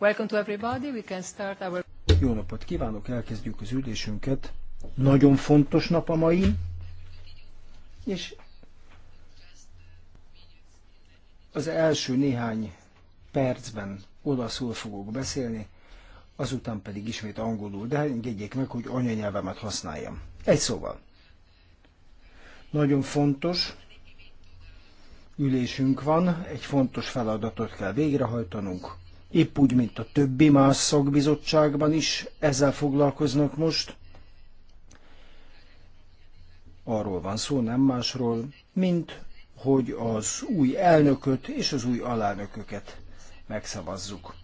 Welcome to everybody. We can start our... Jó napot kívánok, elkezdjük az ülésünket. Nagyon fontos nap a mai, és az első néhány percben olaszul fogok beszélni, azután pedig ismét angolul, de engedjék meg, hogy anyanyelvemet használjam. Egy szóval. Nagyon fontos ülésünk van, egy fontos feladatot kell végrehajtanunk, épp úgy, mint a többi más szakbizottságban is ezzel foglalkoznak most. Arról van szó, nem másról, mint hogy az új elnököt és az új alelnököket megszavazzuk.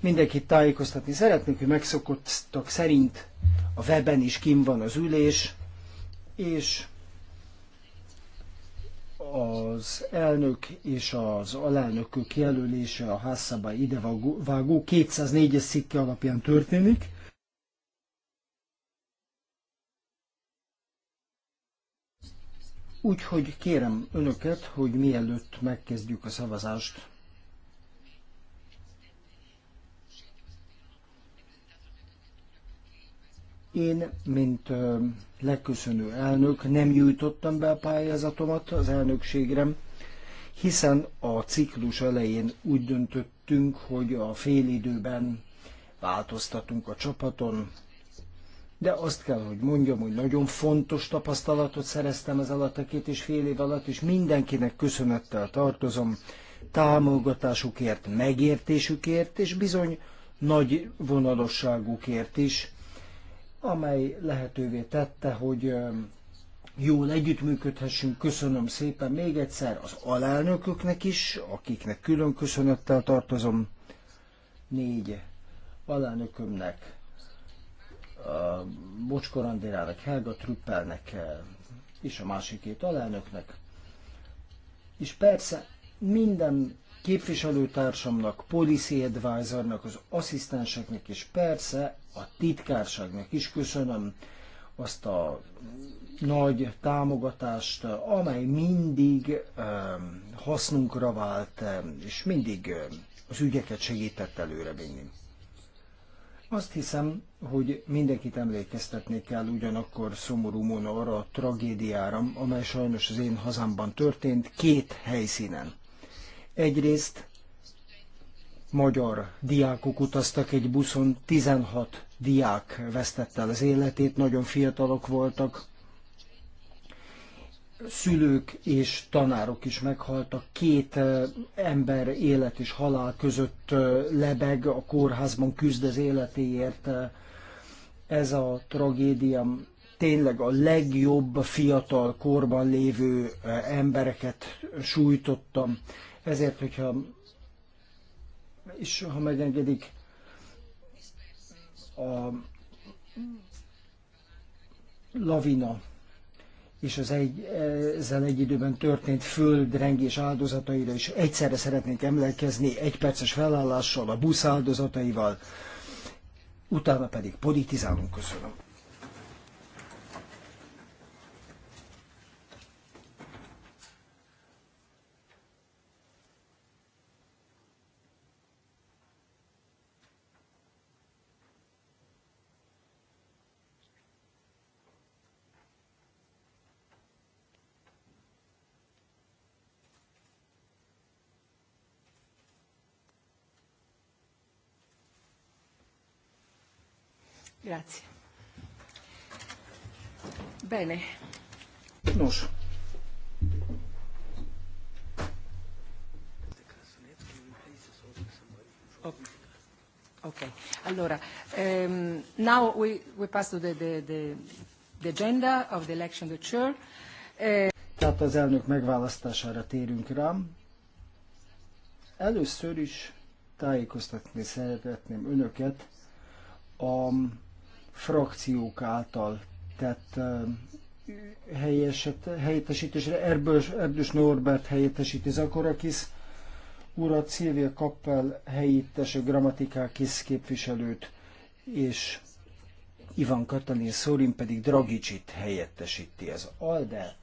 Mindenkit tájékoztatni szeretnék, hogy megszokottak szerint a weben is kim van az ülés, és az elnök és az alelnökök jelölése a házszabá idevágó 204-es szikke alapján történik. Úgyhogy kérem önöket, hogy mielőtt megkezdjük a szavazást, Én, mint leköszönő elnök, nem nyújtottam be a pályázatomat az elnökségre, hiszen a ciklus elején úgy döntöttünk, hogy a félidőben változtatunk a csapaton, de azt kell, hogy mondjam, hogy nagyon fontos tapasztalatot szereztem ez alatt a két és fél év alatt, és mindenkinek köszönettel tartozom támogatásukért, megértésükért, és bizony nagy vonalosságukért is, amely lehetővé tette, hogy jól együttműködhessünk. Köszönöm szépen még egyszer az alelnököknek is, akiknek külön köszönettel tartozom. Négy alelnökömnek, Bocskor Helga Trüppelnek e, és a másik két alelnöknek. És persze minden képviselőtársamnak, policy advisornak, az asszisztenseknek és persze a titkárságnak is köszönöm azt a nagy támogatást, amely mindig um, hasznunkra vált, um, és mindig um, az ügyeket segített előre vinni. Azt hiszem, hogy mindenkit emlékeztetni kell ugyanakkor szomorú arra a tragédiára, amely sajnos az én hazámban történt, két helyszínen. Egyrészt magyar diákok utaztak egy buszon, 16 diák vesztette el az életét, nagyon fiatalok voltak, szülők és tanárok is meghaltak, két ember élet és halál között lebeg, a kórházban küzd az életéért. Ez a tragédia tényleg a legjobb fiatal korban lévő embereket sújtottam. Ezért, hogyha és ha megengedik, a lavina és az egy, ezzel egy időben történt földrengés áldozataira is egyszerre szeretnék emlékezni egy perces felállással, a busz áldozataival, utána pedig politizálunk. Köszönöm. Grazie. Bene. Nos. Okay. Allora, um, now we, we pass to the, the, the, the agenda of the election of the chair. Uh, Tehát az elnök megválasztására térünk rám. Először is tájékoztatni szeretném önöket a frakciók által tett helyeset, helyettesítésre. Erbős, Erdős Norbert helyettesíti Zakorakis urat, Szilvia Kappel helyettese Grammatikákis képviselőt, és Ivan Katalin Szórin pedig Dragicsit helyettesíti. Az ALDE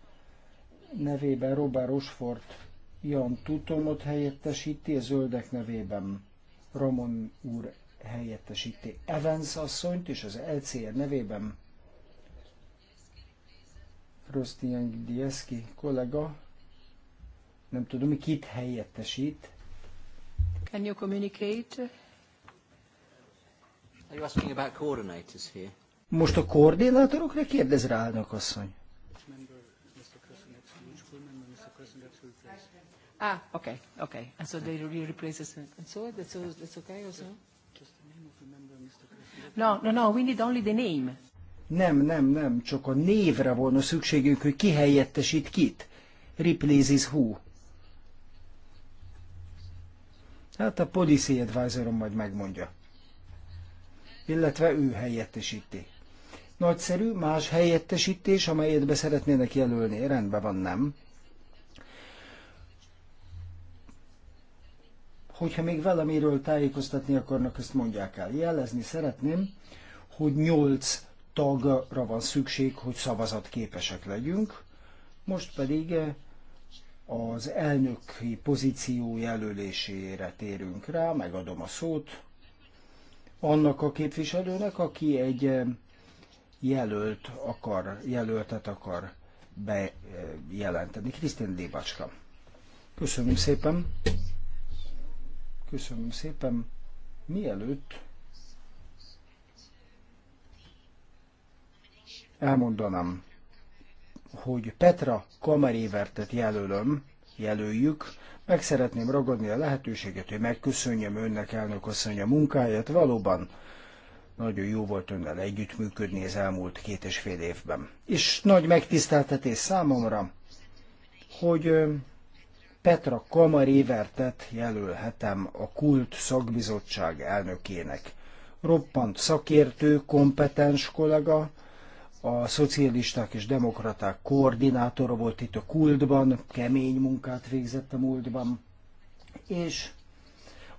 nevében Robert Osfort Jan Tutomot helyettesíti, a zöldek nevében Ramon úr helyettesíti Evans asszonyt, és az LCR e nevében Rostian Gdieski kollega, nem tudom, kit helyettesít. Can you communicate? Are you asking about coordinators here? Most a koordinátorokra kérdez rá, elnök asszony. Ah, okay, okay. And so they replace us. And so that's, that's okay also? Yeah. No, no, no, we need only the name. Nem, nem, nem, csak a névre volna szükségünk, hogy ki helyettesít kit. Replace is who. Hát a policy advisor majd megmondja. Illetve ő helyettesíti. Nagyszerű, más helyettesítés, amelyet be szeretnének jelölni. Rendben van, nem? hogyha még valamiről tájékoztatni akarnak, ezt mondják el. Jelezni szeretném, hogy nyolc tagra van szükség, hogy szavazat képesek legyünk, most pedig eh, az elnöki pozíció jelölésére térünk rá, megadom a szót annak a képviselőnek, aki egy eh, jelölt akar, jelöltet akar bejelenteni. Krisztin Débacska. Köszönöm szépen. Köszönöm szépen. Mielőtt elmondanám, hogy Petra Kamarévertet jelölöm, jelöljük, meg szeretném ragadni a lehetőséget, hogy megköszönjem önnek, elnök asszony, a munkáját. Valóban nagyon jó volt önnel együttműködni az elmúlt két és fél évben. És nagy megtiszteltetés számomra, hogy Petra Kamarévertet jelölhetem a Kult Szakbizottság elnökének. Roppant szakértő, kompetens kollega, a szocialisták és demokraták koordinátora volt itt a Kultban, kemény munkát végzett a múltban, és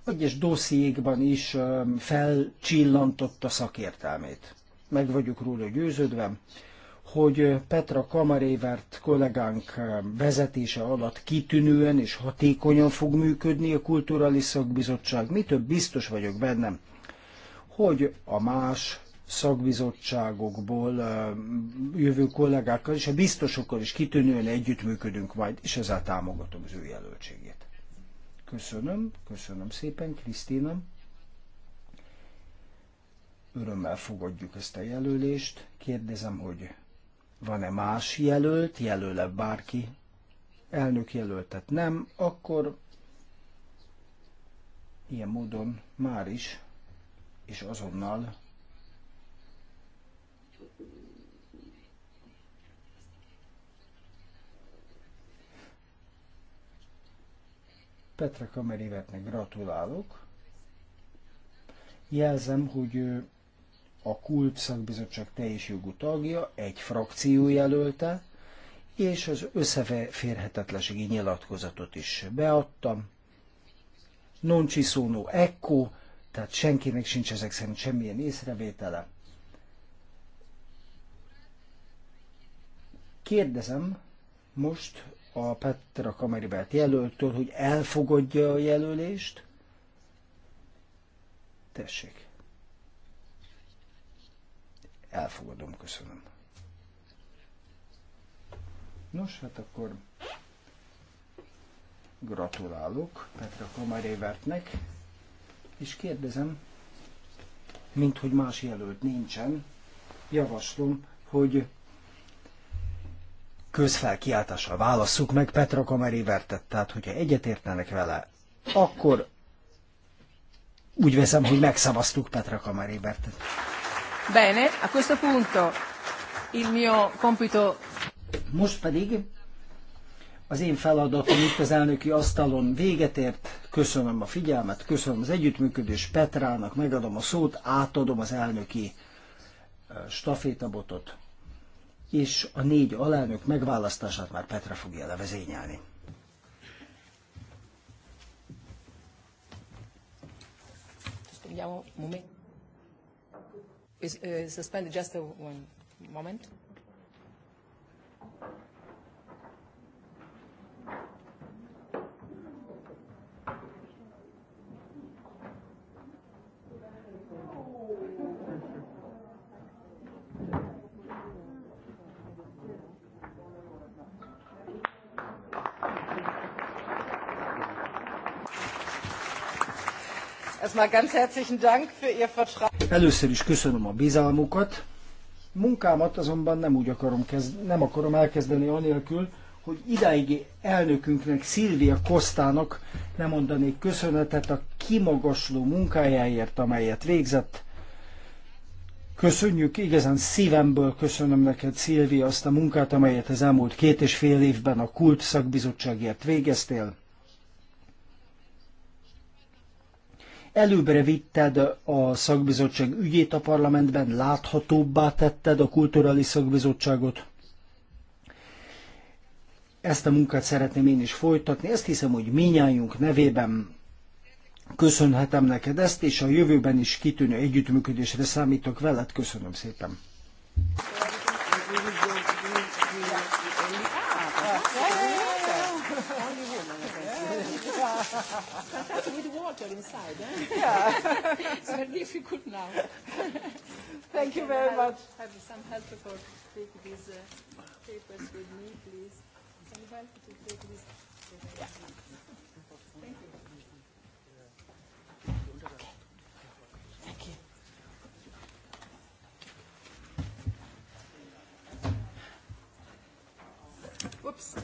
egyes dossziékban is felcsillantotta szakértelmét. Meg vagyok róla győződve, hogy Petra Kamarévert kollégánk vezetése alatt kitűnően és hatékonyan fog működni a Kulturális Szakbizottság. Mi több biztos vagyok bennem, hogy a más szakbizottságokból jövő kollégákkal és a biztosokkal is kitűnően együttműködünk majd, és ezzel támogatom az ő jelöltségét. Köszönöm, köszönöm szépen, Krisztina. Örömmel fogadjuk ezt a jelölést. Kérdezem, hogy van-e más jelölt? Jelöle bárki? Elnök jelöltet nem, akkor ilyen módon már is és azonnal Petra Kamerivetnek gratulálok. Jelzem, hogy ő a Kult szakbizottság teljes jogú tagja, egy frakció jelölte, és az összeférhetetlenségi nyilatkozatot is beadtam. Non ci sono ecco, tehát senkinek sincs ezek szerint semmilyen észrevétele. Kérdezem most a Petra Kameribelt jelöltől, hogy elfogadja a jelölést. Tessék. Elfogadom, köszönöm. Nos, hát akkor gratulálok Petra Kamarévertnek, és kérdezem, mint hogy más jelölt nincsen, javaslom, hogy közfelkiáltással válasszuk meg Petra Kamerévertet, tehát hogyha egyetértenek vele, akkor úgy veszem, hogy megszavaztuk Petra Kamerévertet. Bene, a questo punto il mio compito... Most pedig az én feladatom itt az elnöki asztalon véget ért. Köszönöm a figyelmet, köszönöm az együttműködést Petrának, megadom a szót, átadom az elnöki stafétabotot, és a négy alelnök megválasztását már Petra fogja levezényelni. Just un momento. Uh, suspend suspended. Just a one moment. erstmal ganz herzlichen dank für ihr vertrauen. Először is köszönöm a bizalmukat. Munkámat azonban nem úgy akarom, kezd, nem akarom elkezdeni anélkül, hogy idáigi elnökünknek, Szilvia Kosztának nem mondanék köszönetet a kimagasló munkájáért, amelyet végzett. Köszönjük, igazán szívemből köszönöm neked, Szilvia, azt a munkát, amelyet az elmúlt két és fél évben a Kult Szakbizottságért végeztél. előbbre vitted a szakbizottság ügyét a parlamentben, láthatóbbá tetted a kulturális szakbizottságot. Ezt a munkát szeretném én is folytatni. Ezt hiszem, hogy minnyájunk nevében köszönhetem neked ezt, és a jövőben is kitűnő együttműködésre számítok veled. Köszönöm szépen. Yeah, Fantastic with water inside. Eh? Yeah. it's very difficult now. Thank you very help, much. Have some help for take these uh, papers with me, please. Can you help to take this? Yeah. Thank you. Thank you. Whoops.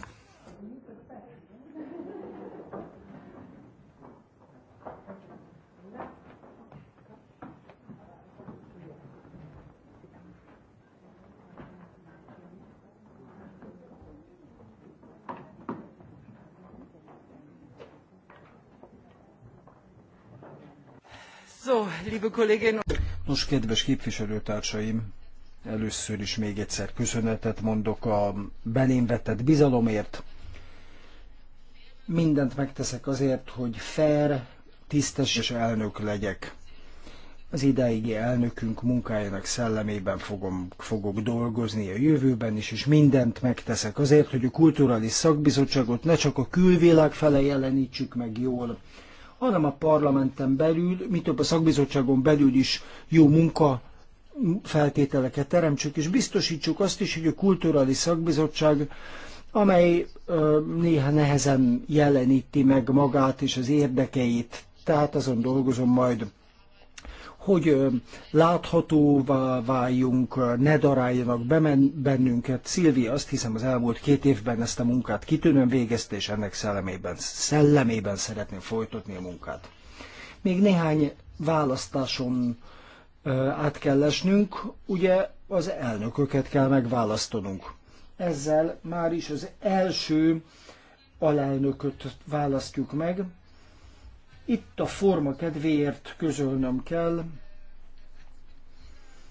Nos, kedves képviselőtársaim, először is még egyszer köszönetet mondok a belém vetett bizalomért. Mindent megteszek azért, hogy fair, tisztes elnök legyek. Az idáigi elnökünk munkájának szellemében fogom, fogok dolgozni a jövőben is, és mindent megteszek azért, hogy a kulturális szakbizottságot ne csak a külvilág felé jelenítsük meg jól, hanem a parlamenten belül, mi több a szakbizottságon belül is jó munka feltételeket teremtsük, és biztosítsuk azt is, hogy a kulturális szakbizottság, amely néha nehezen jeleníti meg magát és az érdekeit, tehát azon dolgozom majd, hogy láthatóvá váljunk, ne daráljanak be bennünket. Szilvi azt hiszem az elmúlt két évben ezt a munkát kitűnően végezte, és ennek szellemében, szellemében szeretném folytatni a munkát. Még néhány választáson át kell esnünk, ugye az elnököket kell megválasztanunk. Ezzel már is az első alelnököt választjuk meg, itt a forma kedvéért közölnöm kell,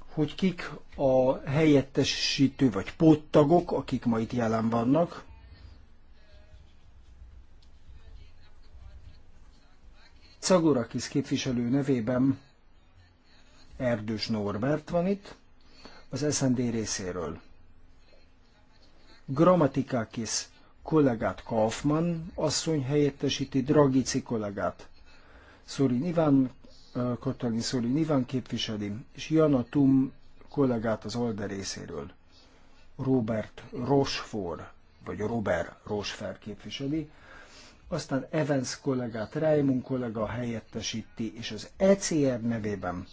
hogy kik a helyettesítő vagy póttagok, akik ma itt jelen vannak. Cagorakis képviselő nevében Erdős Norbert van itt, az SND részéről. Grammatikákis kollégát Kaufmann asszony helyettesíti Dragici kollégát. Szurin Iván, Katalin Szurin Iván képviseli, és Jana Tum kollégát az Alde részéről. Robert Rochefort, vagy Robert Rochefort képviseli, aztán Evans kollégát Raymond kollega helyettesíti, és az ECR nevében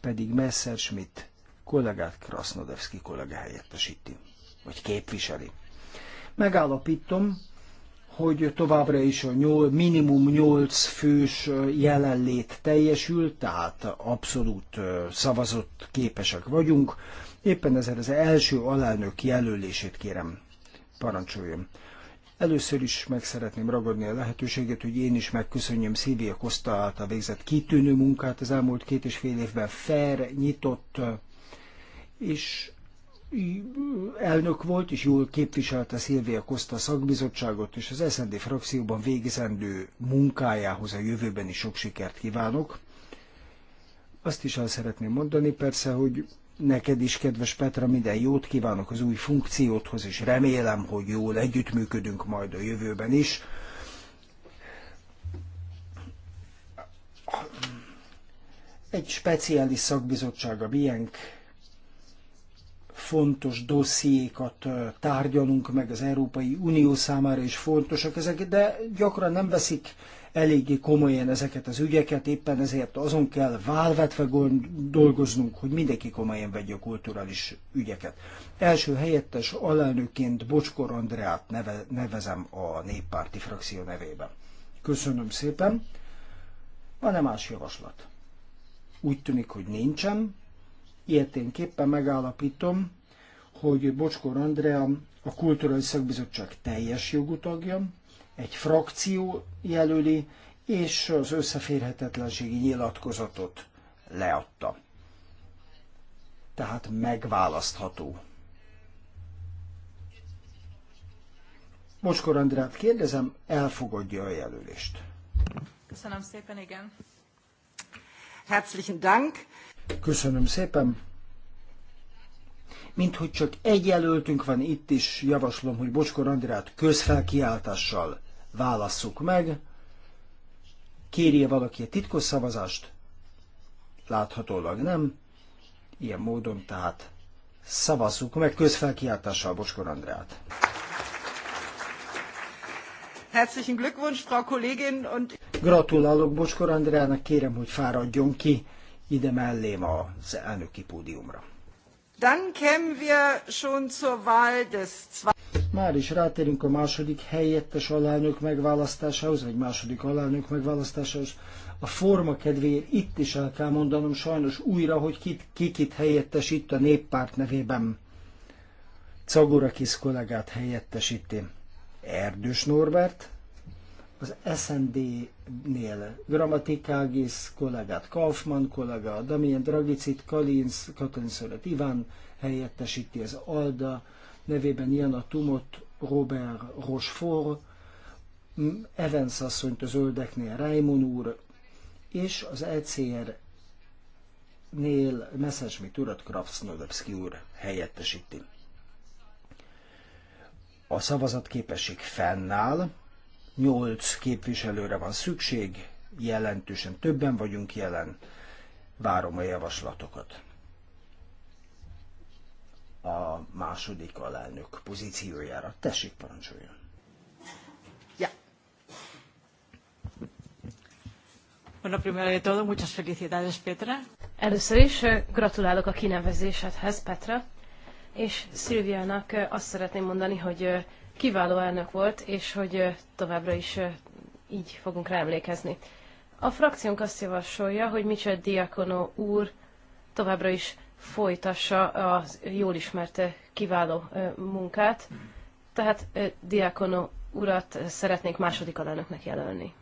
pedig Messerschmidt kollégát Krasnodevski kollega helyettesíti, vagy képviseli. Megállapítom, hogy továbbra is a nyol, minimum 8 fős jelenlét teljesül, tehát abszolút szavazott képesek vagyunk. Éppen ezért az első alelnök jelölését kérem, parancsoljon. Először is meg szeretném ragadni a lehetőséget, hogy én is megköszönjem Szívia Koszta által végzett kitűnő munkát az elmúlt két és fél évben fair, nyitott és elnök volt, és jól képviselte Szilvia Costa szakbizottságot, és az SZND frakcióban végzendő munkájához a jövőben is sok sikert kívánok. Azt is el szeretném mondani persze, hogy neked is, kedves Petra, minden jót kívánok az új funkciódhoz, és remélem, hogy jól együttműködünk majd a jövőben is. Egy speciális szakbizottság a miénk, fontos dossziékat tárgyalunk meg, az Európai Unió számára is fontosak ezek, de gyakran nem veszik eléggé komolyan ezeket az ügyeket, éppen ezért azon kell válvetve dolgoznunk, hogy mindenki komolyan vegye a kulturális ügyeket. Első helyettes alelnőként Bocskor Andreát neve, nevezem a néppárti frakció nevében. Köszönöm szépen. Van-e más javaslat? Úgy tűnik, hogy nincsen. Ilyeténképpen megállapítom, hogy Bocskor Andrea a Kulturális Szakbizottság teljes jogú tagja, egy frakció jelöli, és az összeférhetetlenségi nyilatkozatot leadta. Tehát megválasztható. Bocskor Andrát kérdezem, elfogadja a jelölést. Köszönöm szépen, igen. Herzlichen Dank. Köszönöm szépen mint hogy csak egy jelöltünk van itt is, javaslom, hogy Bocskor Andrát közfelkiáltással válasszuk meg. Kérje valaki a titkos szavazást? Láthatólag nem. Ilyen módon tehát szavazzuk meg közfelkiáltással Bocskor Andrát. Herzlichen Glückwunsch, Frau Kollegin. Und Gratulálok Bocskor Andrának, kérem, hogy fáradjon ki ide mellém az elnöki pódiumra. Dann kämen wir schon zur Wahl des Már is rátérünk a második helyettes alelnök megválasztásához, vagy második alelnök megválasztásához. A forma kedvéért itt is el kell mondanom sajnos újra, hogy kit, kikit helyettesít a néppárt nevében. Cagorakis kollégát helyettesíti. Erdős Norbert, az SND-nél Grammatikágis kollégát, Kaufmann kollega, Damien Dragicit, Kalinsz, Katinszöret Iván helyettesíti az Alda, nevében Jana Tumot, Robert Rochefort, Evans asszonyt az Öldeknél, Raimon úr, és az ECR nél Messerschmitt urat Krapsznodebszki úr helyettesíti. A szavazatképesség fennáll, 8 képviselőre van szükség, jelentősen többen vagyunk jelen, várom a javaslatokat. A második alelnök pozíciójára. Tessék, parancsoljon! Ja. Bueno, primero de todo, muchas felicidades, Petra. Először is eh, gratulálok a kinevezésedhez, Petra, és Szilviának eh, azt szeretném mondani, hogy eh, kiváló elnök volt, és hogy továbbra is így fogunk rá emlékezni. A frakciónk azt javasolja, hogy Michel Diakono úr továbbra is folytassa a jól ismert kiváló munkát, tehát Diakono urat szeretnénk második alelnöknek jelölni.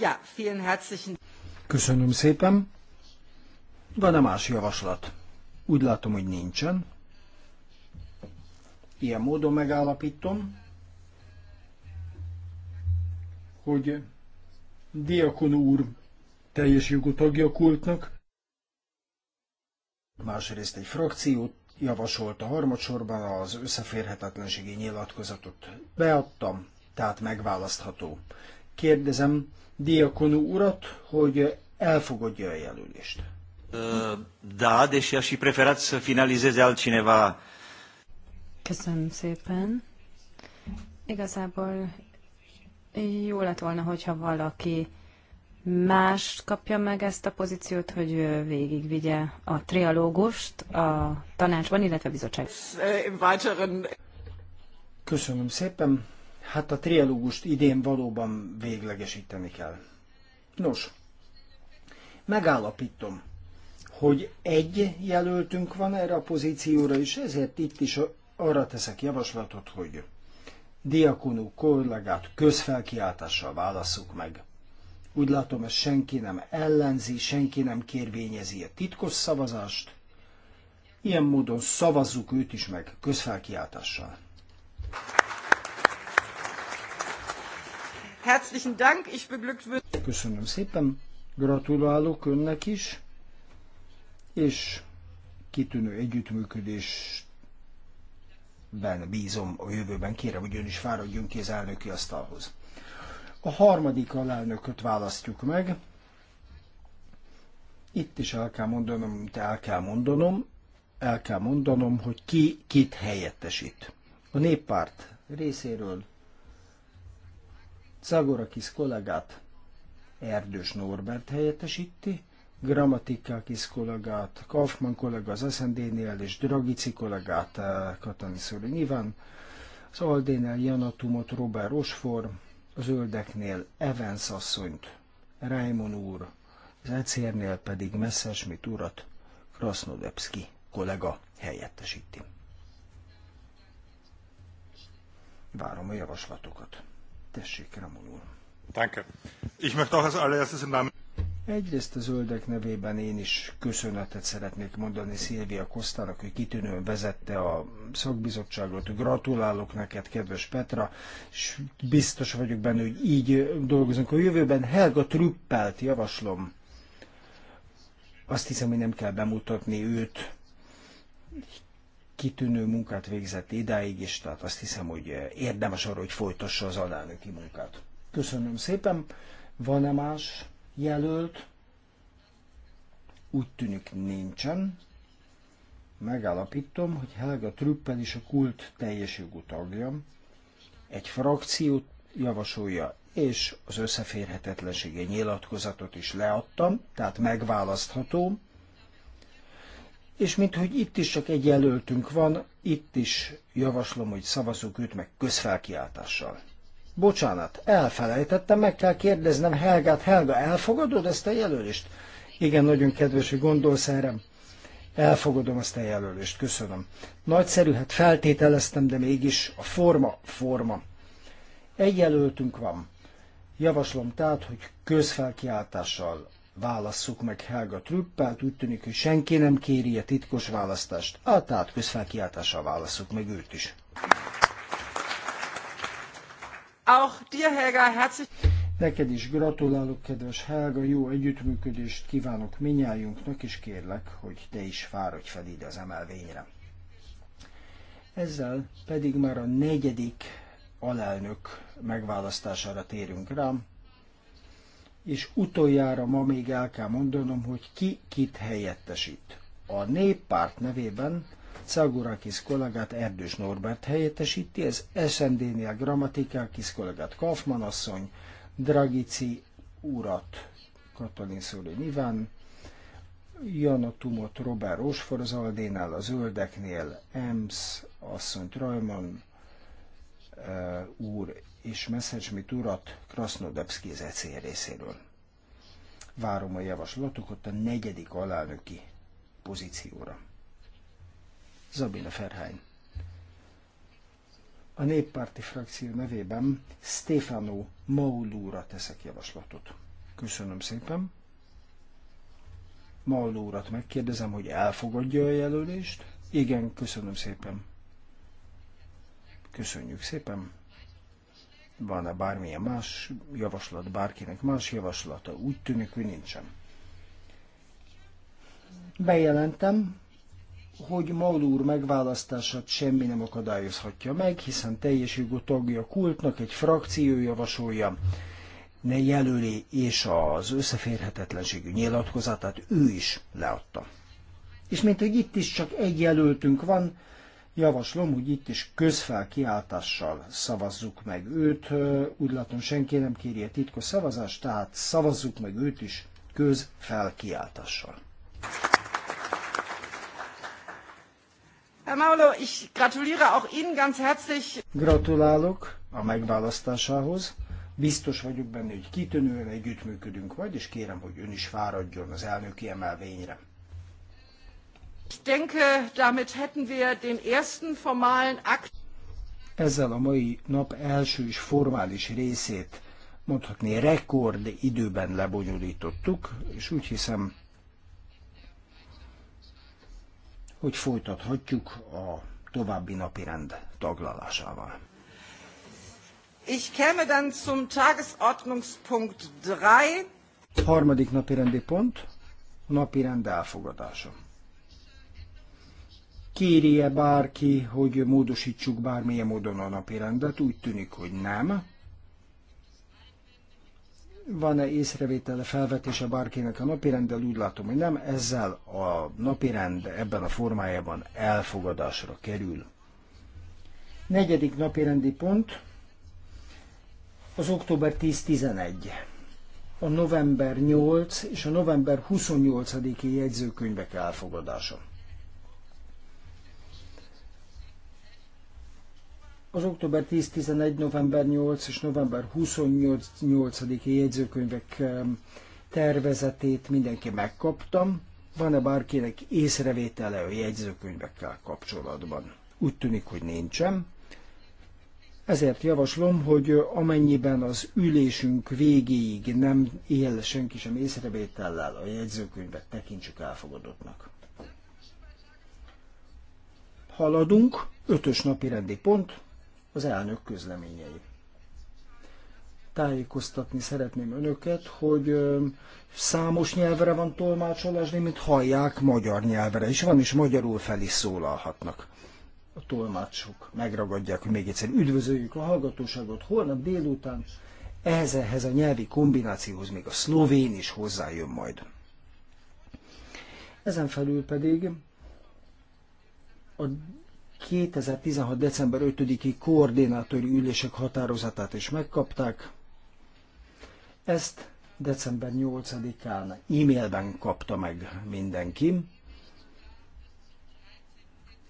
Ja, vielen herzlichen Köszönöm szépen. Van-e más javaslat? Úgy látom, hogy nincsen. Ilyen módon megállapítom, hogy Diakon úr teljes jogú tagja a kultnak, másrészt egy frakciót javasolt a harmadsorban az összeférhetetlenségi nyilatkozatot. Beadtam, tehát megválasztható. Kérdezem Diakon urat, hogy elfogadja a jelölést. Da, deși aș fi preferat să finalizeze altcineva Köszönöm szépen. Igazából jó lett volna, hogyha valaki más kapja meg ezt a pozíciót, hogy végigvigye a trialógust a tanácsban, illetve a bizottság. Köszönöm szépen. Hát a trialógust idén valóban véglegesíteni kell. Nos, megállapítom, hogy egy jelöltünk van erre a pozícióra, és ezért itt is a arra teszek javaslatot, hogy diakonú kollégát közfelkiáltással válasszuk meg. Úgy látom, ezt senki nem ellenzi, senki nem kérvényezi a titkos szavazást. Ilyen módon szavazzuk őt is meg közfelkiáltással. Herzlichen Dank, ich beglückwünsche. Köszönöm szépen, gratulálok önnek is, és kitűnő együttműködést ben bízom a jövőben, kérem, hogy ön is fáradjon ki az elnöki asztalhoz. A harmadik alelnököt választjuk meg. Itt is el kell mondanom, amit el kell mondanom. El kell mondanom, hogy ki kit helyettesít. A néppárt részéről Zagorakis kollégát Erdős Norbert helyettesíti, Grammatikákis kollégát, Kaufmann kollega az SND-nél és Dragici kollégát eh, Katani Szori nyilván, az Aldénél Janatumot Robert Rosfor, az Öldeknél Evans asszonyt, Raimon úr, az Ecérnél pedig Messerschmitt urat Krasnodebski kollega helyettesíti. Várom a javaslatokat. Tessék, Ramon úr. Danke. Ich möchte auch als allererstes im Namen Egyrészt a zöldek nevében én is köszönetet szeretnék mondani Szilvia Kosztának, hogy kitűnően vezette a szakbizottságot. Gratulálok neked, kedves Petra, és biztos vagyok benne, hogy így dolgozunk a jövőben. Helga Trüppelt javaslom. Azt hiszem, hogy nem kell bemutatni őt. Kitűnő munkát végzett idáig is, tehát azt hiszem, hogy érdemes arra, hogy folytassa az alelnöki munkát. Köszönöm szépen. Van-e más? jelölt. Úgy tűnik nincsen. Megállapítom, hogy Helga Trüppel is a kult teljes jogú tagja. Egy frakciót javasolja, és az összeférhetetlensége nyilatkozatot is leadtam, tehát megválasztható. És minthogy itt is csak egy jelöltünk van, itt is javaslom, hogy szavazzuk őt meg közfelkiáltással. Bocsánat, elfelejtettem, meg kell kérdeznem Helgát. Helga, elfogadod ezt a jelölést? Igen, nagyon kedves, hogy gondolsz erre. Elfogadom ezt a jelölést, köszönöm. Nagyszerű, hát feltételeztem, de mégis a forma, forma. Egy jelöltünk van. Javaslom tehát, hogy közfelkiáltással válasszuk meg Helga Trüppelt, úgy tűnik, hogy senki nem kéri a titkos választást, á, hát, tehát közfelkiáltással válasszuk meg őt is. Auch dir, Helga, herzlich... Neked is gratulálok, kedves Helga, jó együttműködést kívánok minnyájunknak, és kérlek, hogy te is fáradj fel ide az emelvényre. Ezzel pedig már a negyedik alelnök megválasztására térünk rám, és utoljára ma még el kell mondanom, hogy ki kit helyettesít. A néppárt nevében Szágurakis kollégát Erdős Norbert helyettesíti, az SND-nél Grammatikákis kollégát Kaufmann asszony, Dragici urat Katalin Szolin Iván, Janatumot Robert Rósfor az Aldénál, a Zöldeknél, Ems asszonyt Rajman uh, eh, úr és Messerschmitt urat Krasznodebszki az ECR részéről. Várom a javaslatokat a negyedik alelnöki pozícióra. Zabina Ferhány. A néppárti frakció nevében Stefano Maulúra teszek javaslatot. Köszönöm szépen. Maulúrat megkérdezem, hogy elfogadja a jelölést. Igen, köszönöm szépen. Köszönjük szépen. Van-e bármilyen más javaslat, bárkinek más javaslata? Úgy tűnik, hogy nincsen. Bejelentem, hogy úr megválasztását semmi nem akadályozhatja meg, hiszen teljes jogú tagja kultnak, egy frakció javasolja, ne jelöli, és az összeférhetetlenségű nyilatkozatát ő is leadta. És mint hogy itt is csak egy jelöltünk van, javaslom, hogy itt is közfelkiáltással szavazzuk meg őt. Úgy látom, senki nem kéri a titkos szavazást, tehát szavazzuk meg őt is közfelkiáltással. Herr Maulo, ich gratuliere auch Ihnen ganz herzlich. Gratulálok a megválasztásához. Biztos vagyok benne, hogy kitűnően együttműködünk majd, és kérem, hogy ön is fáradjon az elnöki emelvényre. Ich denke, damit hätten wir den ersten formalen Akt. Ezzel a mai nap első és formális részét mondhatni rekord időben lebonyolítottuk, és úgy hiszem, hogy folytathatjuk a további napirend taglalásával. Ich käme dann zum Tagesordnungspunkt 3. Harmadik napirendi pont, napirend elfogadása. Kérje bárki, hogy módosítsuk bármilyen módon a napirendet? Úgy tűnik, hogy nem van-e észrevétele, felvetése bárkinek a napirenddel, úgy látom, hogy nem. Ezzel a napirend ebben a formájában elfogadásra kerül. Negyedik napirendi pont az október 10-11, a november 8 és a november 28-i jegyzőkönyvek elfogadása. Az október 10-11, november 8 és november 28-i jegyzőkönyvek tervezetét mindenki megkaptam. Van-e bárkinek észrevétele a jegyzőkönyvekkel kapcsolatban? Úgy tűnik, hogy nincsen. Ezért javaslom, hogy amennyiben az ülésünk végéig nem él senki sem észrevétellel, a jegyzőkönyvet tekintsük elfogadottnak. Haladunk, ötös napi rendi pont, az elnök közleményei. Tájékoztatni szeretném önöket, hogy számos nyelvre van tolmácsolás, de mint hallják, magyar nyelvre is van, és magyarul fel is szólalhatnak. A tolmácsok megragadják, hogy még egyszer üdvözöljük a hallgatóságot. Holnap délután ehhez, ehhez a nyelvi kombinációhoz még a szlovén is hozzájön majd. Ezen felül pedig a 2016. december 5-i koordinátori ülések határozatát is megkapták. Ezt december 8-án e-mailben kapta meg mindenki.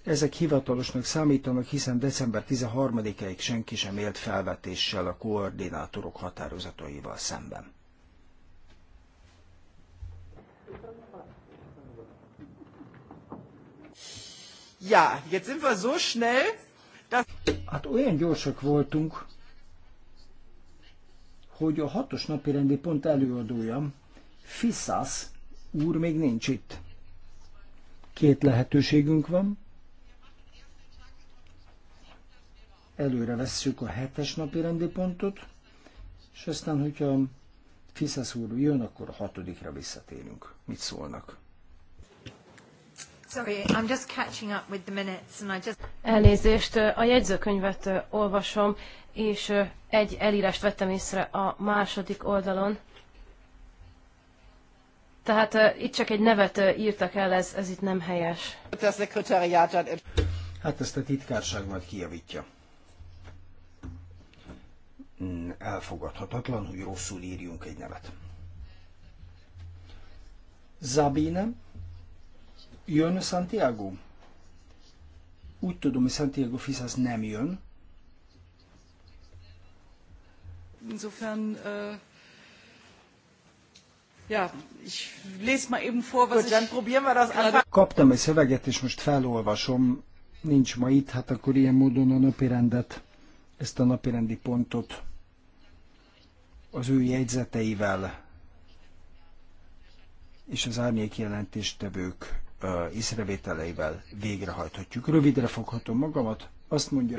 Ezek hivatalosnak számítanak, hiszen december 13-ig senki sem élt felvetéssel a koordinátorok határozataival szemben. Ja, jetzt sind wir so schnell, dass... Hát olyan gyorsak voltunk, hogy a hatos napi rendi pont előadója, Fisas úr még nincs itt. Két lehetőségünk van. Előre vesszük a hetes napi rendi pontot, és aztán, hogyha Fisas úr jön, akkor a hatodikra visszatérünk. Mit szólnak? Elnézést, a jegyzőkönyvet olvasom, és egy elírást vettem észre a második oldalon. Tehát itt csak egy nevet írtak el, ez, ez itt nem helyes. Hát ezt a titkárság majd kijavítja. Hmm, elfogadhatatlan, hogy rosszul írjunk egy nevet. Zabine? Jön Santiago? Úgy tudom, hogy Santiago Fisas nem jön. Insofern, uh, ja, ich lese mal eben vor, was Gut, dann probieren wir das einfach. Kaptam egy szöveget, és most felolvasom. Nincs ma itt, hát akkor ilyen módon a napirendet, ezt a napirendi pontot az ő jegyzeteivel és az árnyék jelentéstevők észrevételeivel végrehajthatjuk. Rövidre foghatom magamat, azt mondja.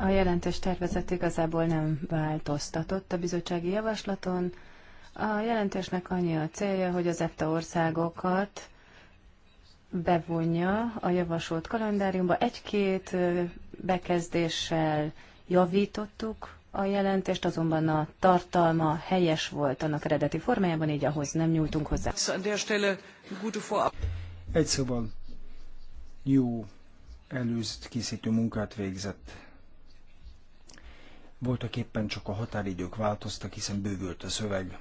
A jelentés tervezet igazából nem változtatott a bizottsági javaslaton. A jelentésnek annyi a célja, hogy az EFTA országokat bevonja a javasolt kalendáriumba. Egy-két bekezdéssel javítottuk a jelentést azonban a tartalma helyes volt annak eredeti formájában, így ahhoz nem nyúltunk hozzá. Szóval Egy szóval jó előzött készítő munkát végzett. Voltak éppen csak a határidők változtak, hiszen bővült a szöveg.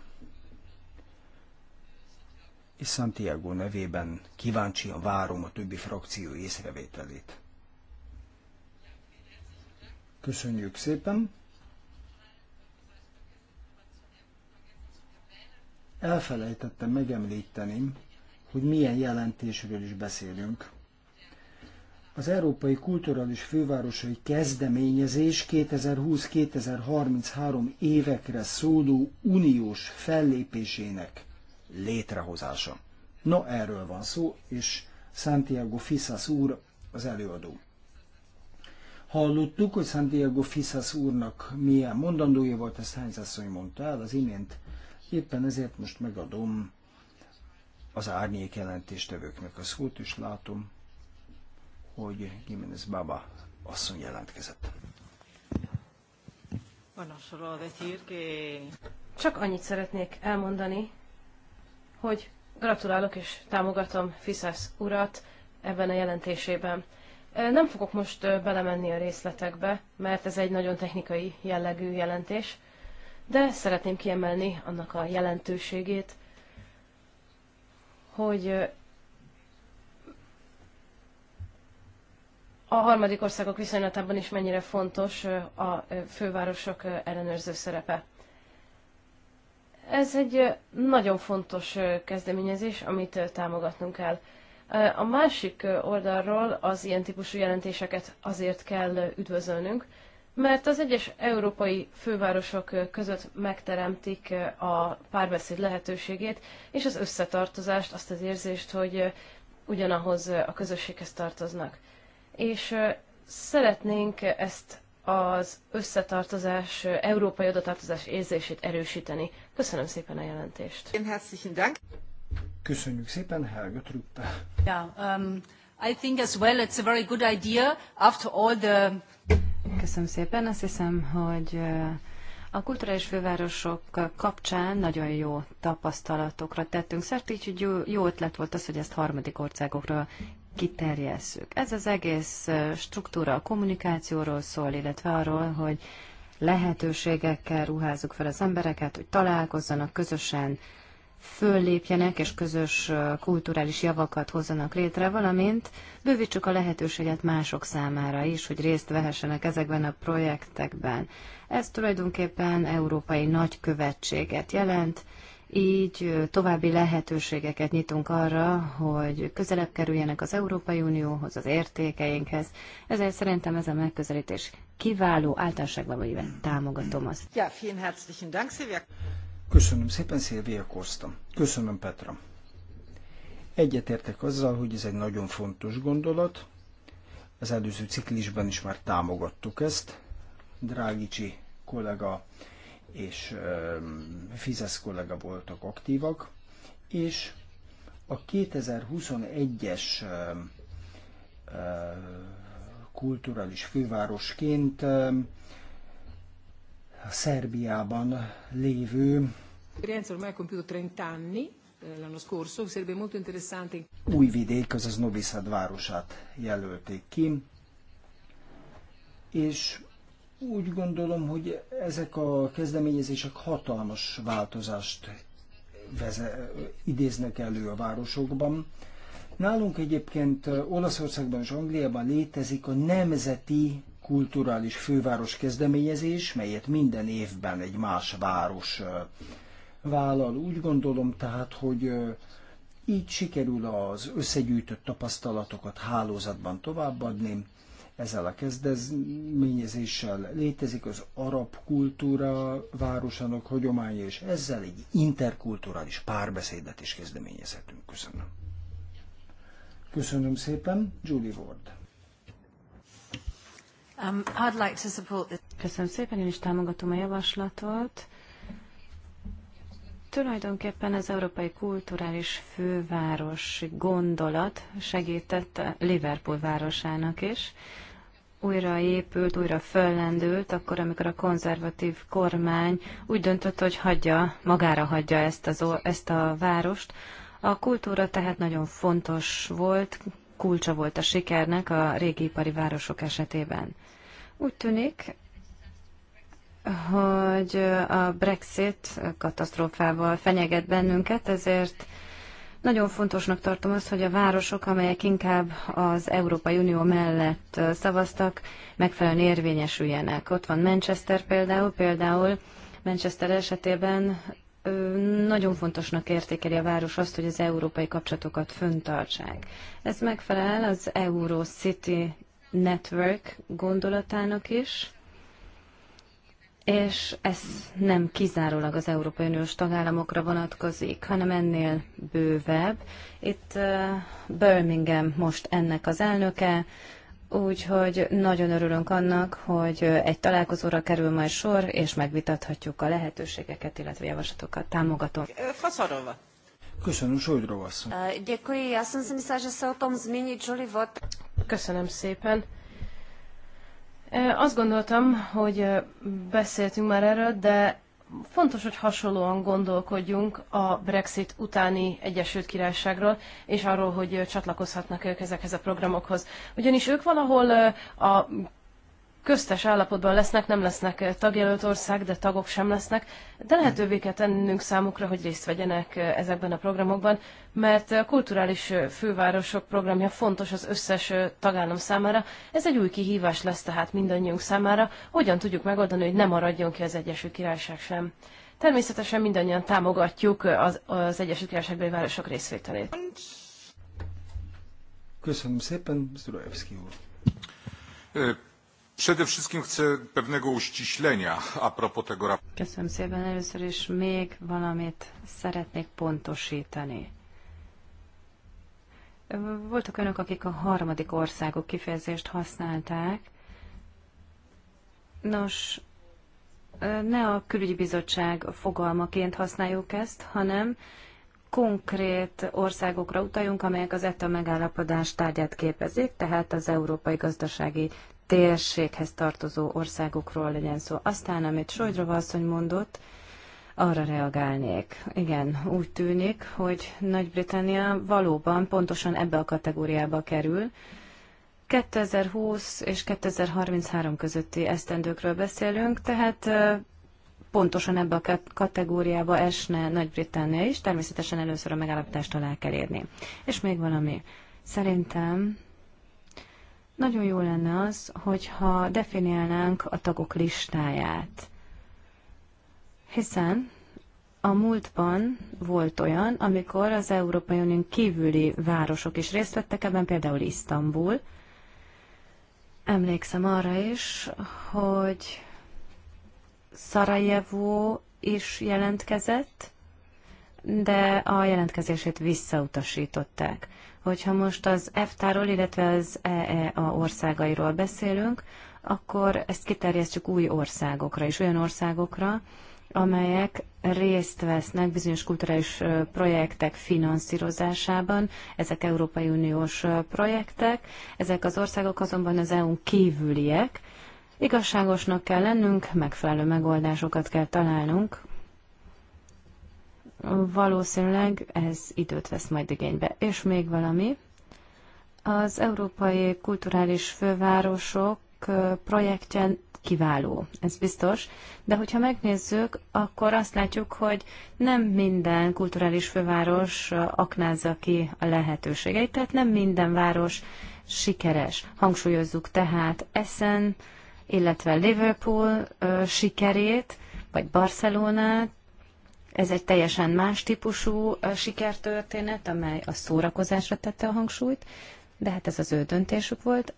És Santiago nevében kíváncsian várom a többi frakció észrevételét. Köszönjük szépen! Elfelejtettem megemlíteni, hogy milyen jelentésről is beszélünk. Az Európai Kulturális Fővárosai Kezdeményezés 2020-2033 évekre szóló uniós fellépésének létrehozása. Na, erről van szó, és Santiago Fisas úr az előadó. Hallottuk, hogy Santiago Fisas úrnak milyen mondandója volt, ezt hányzasszony mondta el, az imént Éppen ezért most megadom az árnyék jelentéstevőknek a szót, és látom, hogy Jiménez Baba asszony jelentkezett. Csak annyit szeretnék elmondani, hogy gratulálok és támogatom Fiszász urat ebben a jelentésében. Nem fogok most belemenni a részletekbe, mert ez egy nagyon technikai jellegű jelentés, de szeretném kiemelni annak a jelentőségét, hogy a harmadik országok viszonylatában is mennyire fontos a fővárosok ellenőrző szerepe. Ez egy nagyon fontos kezdeményezés, amit támogatnunk kell. A másik oldalról az ilyen típusú jelentéseket azért kell üdvözölnünk, mert az egyes európai fővárosok között megteremtik a párbeszéd lehetőségét, és az összetartozást, azt az érzést, hogy ugyanahoz a közösséghez tartoznak. És szeretnénk ezt az összetartozás, európai odatartozás érzését erősíteni. Köszönöm szépen a jelentést. Köszönjük szépen, Helga Truppe. Ja, um... I think as well it's a very good idea after all the... Köszönöm szépen. Azt hiszem, hogy eh, a kulturális fővárosok kapcsán nagyon jó tapasztalatokra tettünk szert, így jó, jó ötlet volt az, hogy ezt harmadik országokra kiterjesszük. Ez az egész eh, struktúra a kommunikációról szól, illetve arról, hogy lehetőségekkel ruházzuk fel az embereket, hogy találkozzanak közösen, föllépjenek és közös kulturális javakat hozzanak létre, valamint bővítsük a lehetőséget mások számára is, hogy részt vehessenek ezekben a projektekben. Ez tulajdonképpen európai nagykövetséget jelent, így további lehetőségeket nyitunk arra, hogy közelebb kerüljenek az Európai Unióhoz, az értékeinkhez. Ezért szerintem ez a megközelítés kiváló, általánosságban vagy támogatom azt. Ja, vielen herzlichen Dank, Szilvia. Köszönöm szépen, Szilvia Kosztam. Köszönöm, Petra. Egyetértek azzal, hogy ez egy nagyon fontos gondolat. Az előző ciklisben is már támogattuk ezt. Drágicsi kollega és Fizesz kollega voltak aktívak, és a 2021-es kulturális fővárosként a Szerbiában lévő 30 anni eh, új vidék, azaz Novi Sad városát jelölték ki, és úgy gondolom, hogy ezek a kezdeményezések hatalmas változást veze, idéznek elő a városokban. Nálunk egyébként Olaszországban és Angliában létezik a nemzeti kulturális főváros kezdeményezés, melyet minden évben egy más város vállal. Úgy gondolom tehát, hogy így sikerül az összegyűjtött tapasztalatokat hálózatban továbbadni. Ezzel a kezdeményezéssel létezik az arab kultúra városának hagyománya, és ezzel egy interkulturális párbeszédet is kezdeményezhetünk. Köszönöm. Köszönöm szépen, Julie Ward. Um, Köszönöm szépen, én is támogatom a javaslatot. Tulajdonképpen az Európai Kulturális Főváros gondolat segített Liverpool városának is. Újra épült, újra föllendült, akkor, amikor a konzervatív kormány úgy döntött, hogy hagyja, magára hagyja ezt, az, ezt a várost. A kultúra tehát nagyon fontos volt, kulcsa volt a sikernek a régi ipari városok esetében. Úgy tűnik, hogy a Brexit katasztrófával fenyeget bennünket, ezért nagyon fontosnak tartom azt, hogy a városok, amelyek inkább az Európai Unió mellett szavaztak, megfelelően érvényesüljenek. Ott van Manchester például, például Manchester esetében nagyon fontosnak értékeli a város azt, hogy az európai kapcsolatokat föntartsák. Ez megfelel az Eurocity Network gondolatának is, és ez nem kizárólag az Európai Uniós tagállamokra vonatkozik, hanem ennél bővebb. Itt Birmingham most ennek az elnöke, úgyhogy nagyon örülünk annak, hogy egy találkozóra kerül majd sor, és megvitathatjuk a lehetőségeket, illetve javaslatokat. Támogatom. Faszarova. Köszönöm, Sojdrov asszony. E, Julie Köszönöm szépen. E, azt gondoltam, hogy e, beszéltünk már erről, de fontos, hogy hasonlóan gondolkodjunk a Brexit utáni Egyesült Királyságról, és arról, hogy csatlakozhatnak ők ezekhez a programokhoz. Ugyanis ők valahol a köztes állapotban lesznek, nem lesznek eh, tagjelölt ország, de tagok sem lesznek, de lehetővé kell tennünk számukra, hogy részt vegyenek eh, ezekben a programokban, mert eh, a kulturális fővárosok programja fontos az összes tagállam számára. Ez egy új kihívás lesz tehát mindannyiunk számára, hogyan tudjuk megoldani, hogy ne maradjon ki az Egyesült Királyság sem. Természetesen mindannyian támogatjuk az, az Egyesült Királyságbeli Városok részvételét. Köszönöm szépen, Zdrojevszki úr. Przede wszystkim chcę pewnego uściślenia a propos tego raportu. Köszönöm szépen, először is még valamit szeretnék pontosítani. Voltak önök, akik a harmadik országok kifejezést használták. Nos, ne a külügyi bizottság fogalmaként használjuk ezt, hanem konkrét országokra utaljunk, amelyek az ETA megállapodás tárgyát képezik, tehát az Európai Gazdasági térséghez tartozó országokról legyen szó. Aztán, amit Sojdrova asszony mondott, arra reagálnék. Igen, úgy tűnik, hogy Nagy-Britannia valóban pontosan ebbe a kategóriába kerül. 2020 és 2033 közötti esztendőkről beszélünk, tehát pontosan ebbe a kategóriába esne Nagy-Britannia is, természetesen először a megállapítást alá kell érni. És még valami. Szerintem nagyon jó lenne az, hogyha definiálnánk a tagok listáját. Hiszen a múltban volt olyan, amikor az Európai Unión kívüli városok is részt vettek ebben, például Isztambul. Emlékszem arra is, hogy Szarajevó is jelentkezett, de a jelentkezését visszautasították. Hogyha most az EFTA-ról, illetve az EEA országairól beszélünk, akkor ezt kiterjesztjük új országokra és olyan országokra, amelyek részt vesznek bizonyos kulturális projektek finanszírozásában. Ezek Európai Uniós projektek, ezek az országok azonban az EU-n kívüliek. Igazságosnak kell lennünk, megfelelő megoldásokat kell találnunk valószínűleg ez időt vesz majd igénybe. És még valami. Az Európai Kulturális Fővárosok projektjen kiváló, ez biztos. De hogyha megnézzük, akkor azt látjuk, hogy nem minden kulturális főváros aknázza ki a lehetőségeit, tehát nem minden város sikeres. Hangsúlyozzuk tehát Essen, illetve Liverpool sikerét, vagy Barcelonát, ez egy teljesen más típusú sikertörténet, amely a szórakozásra tette a hangsúlyt, de hát ez az ő döntésük volt.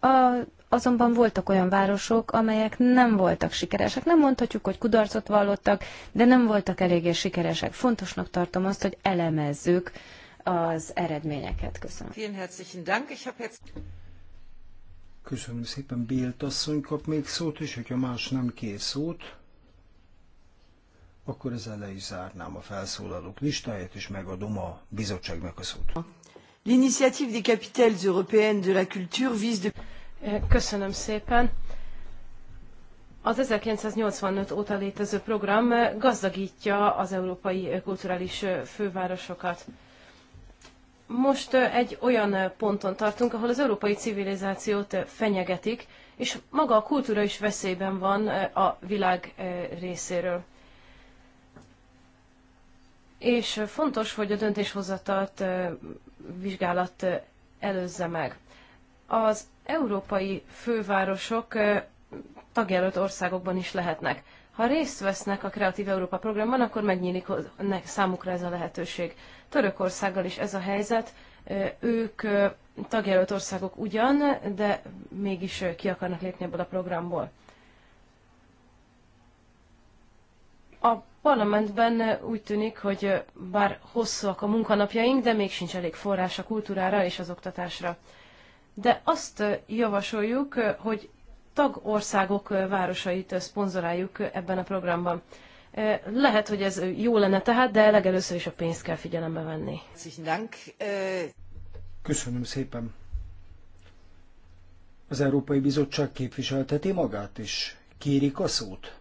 A, azonban voltak olyan városok, amelyek nem voltak sikeresek. Nem mondhatjuk, hogy kudarcot vallottak, de nem voltak eléggé sikeresek. Fontosnak tartom azt, hogy elemezzük az eredményeket. Köszönöm. Köszönöm szépen, Bélt asszony kap még szót, és hogyha más nem kész szót, akkor ezzel le is zárnám a felszólalók listáját, és megadom a bizottságnak a szót. L'initiative des capitales européennes de la culture vise de... Köszönöm szépen. Az 1985 óta létező program gazdagítja az európai kulturális fővárosokat. Most egy olyan ponton tartunk, ahol az európai civilizációt fenyegetik, és maga a kultúra is veszélyben van a világ részéről és fontos, hogy a döntéshozatat vizsgálat előzze meg. Az európai fővárosok tagjelölt országokban is lehetnek. Ha részt vesznek a Kreatív Európa programban, akkor megnyílik számukra ez a lehetőség. Törökországgal is ez a helyzet. Ők tagjelölt országok ugyan, de mégis ki akarnak lépni ebből a programból. A parlamentben úgy tűnik, hogy bár hosszúak a munkanapjaink, de még sincs elég forrás a kultúrára és az oktatásra. De azt javasoljuk, hogy tagországok városait szponzoráljuk ebben a programban. Lehet, hogy ez jó lenne tehát, de legelőször is a pénzt kell figyelembe venni. Köszönöm szépen. Az Európai Bizottság képviselteti magát, is, kérik a szót.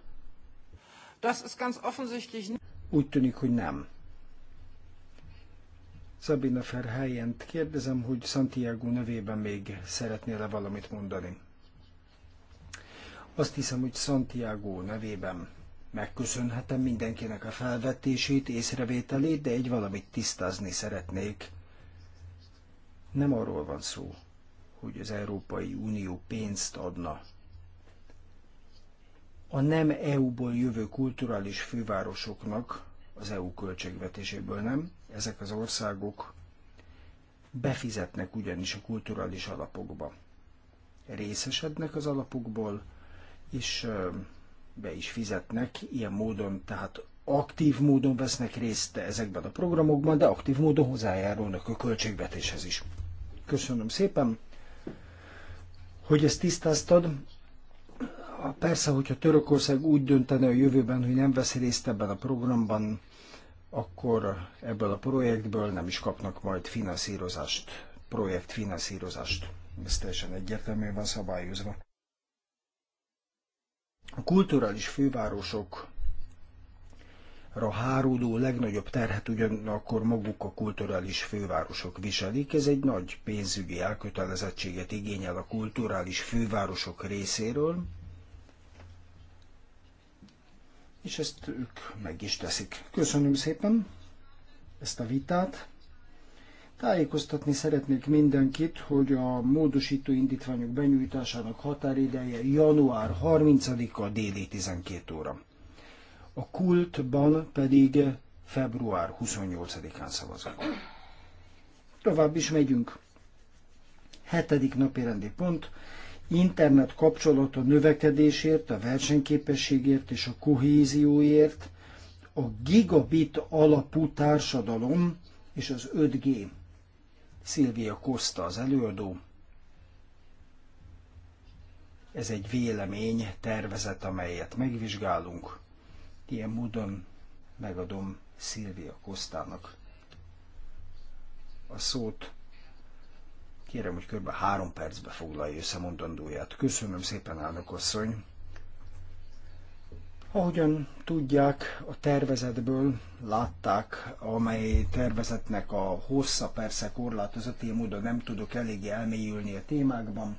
Das ist ganz offensichtlich Úgy tűnik, hogy nem. Sabina Ferhelyen, kérdezem, hogy Santiago nevében még szeretnél-e valamit mondani? Azt hiszem, hogy Santiago nevében megköszönhetem mindenkinek a felvetését, észrevételét, de egy valamit tisztázni szeretnék. Nem arról van szó, hogy az Európai Unió pénzt adna a nem EU-ból jövő kulturális fővárosoknak, az EU költségvetéséből nem, ezek az országok befizetnek ugyanis a kulturális alapokba. Részesednek az alapokból, és be is fizetnek, ilyen módon, tehát aktív módon vesznek részt ezekben a programokban, de aktív módon hozzájárulnak a költségvetéshez is. Köszönöm szépen, hogy ezt tisztáztad. Persze, hogyha Törökország úgy döntene a jövőben, hogy nem vesz részt ebben a programban, akkor ebből a projektből nem is kapnak majd finanszírozást, projektfinanszírozást. Ez teljesen egyértelműen van szabályozva. A kulturális fővárosok ra háródó legnagyobb terhet ugyanakkor maguk a kulturális fővárosok viselik. Ez egy nagy pénzügyi elkötelezettséget igényel a kulturális fővárosok részéről, és ezt ők meg is teszik. Köszönöm szépen ezt a vitát. Tájékoztatni szeretnék mindenkit, hogy a módosító indítványok benyújtásának határideje január 30-a déli 12 óra. A kultban pedig február 28-án szavazok. Tovább is megyünk. Hetedik napi rendi pont internet kapcsolata növekedésért, a versenyképességért és a kohézióért a gigabit alapú társadalom és az 5G. Szilvia Costa az előadó. Ez egy vélemény, tervezet, amelyet megvizsgálunk. Ilyen módon megadom Szilvia Kosztának a szót. Kérem, hogy kb. három percbe foglalja össze mondandóját. Köszönöm szépen, elnök asszony. Ahogyan tudják, a tervezetből látták, amely tervezetnek a hossza persze korlátozott, ilyen módon nem tudok eléggé elmélyülni a témákban.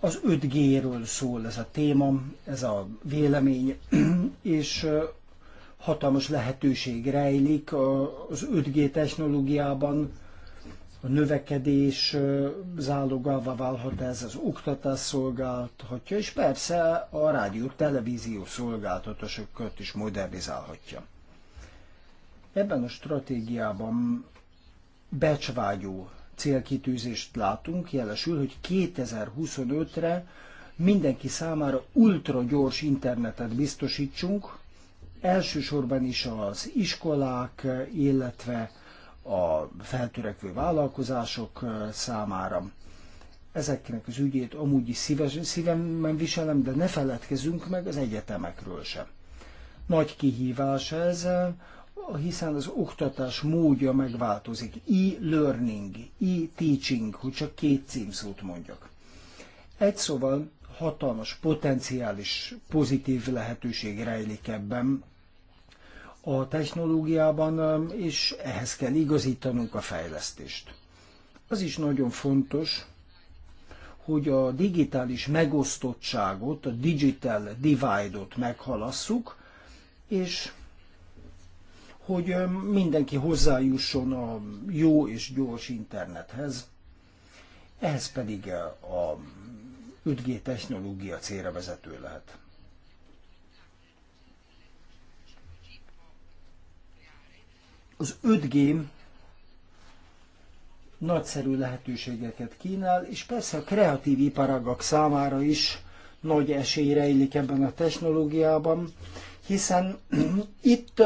Az 5G-ről szól ez a téma, ez a vélemény, és hatalmas lehetőség rejlik az 5G technológiában, a növekedés zálogává válhat ez, az oktatás szolgálhatja, és persze a rádió, televízió szolgáltatásokat is modernizálhatja. Ebben a stratégiában becsvágyó célkitűzést látunk, jelesül, hogy 2025-re mindenki számára ultra gyors internetet biztosítsunk, elsősorban is az iskolák, illetve a feltörekvő vállalkozások számára. Ezeknek az ügyét amúgy is szíves, szívemben viselem, de ne feledkezünk meg az egyetemekről sem. Nagy kihívás ez, hiszen az oktatás módja megváltozik. E-learning, e-teaching, hogy csak két címszót mondjak. Egy szóval hatalmas potenciális pozitív lehetőség rejlik ebben, a technológiában, és ehhez kell igazítanunk a fejlesztést. Az is nagyon fontos, hogy a digitális megosztottságot, a digital divide-ot meghalasszuk, és hogy mindenki hozzájusson a jó és gyors internethez. Ehhez pedig a 5G technológia célra vezető lehet. Az 5G nagyszerű lehetőségeket kínál, és persze a kreatív iparágak számára is nagy esély rejlik ebben a technológiában, hiszen itt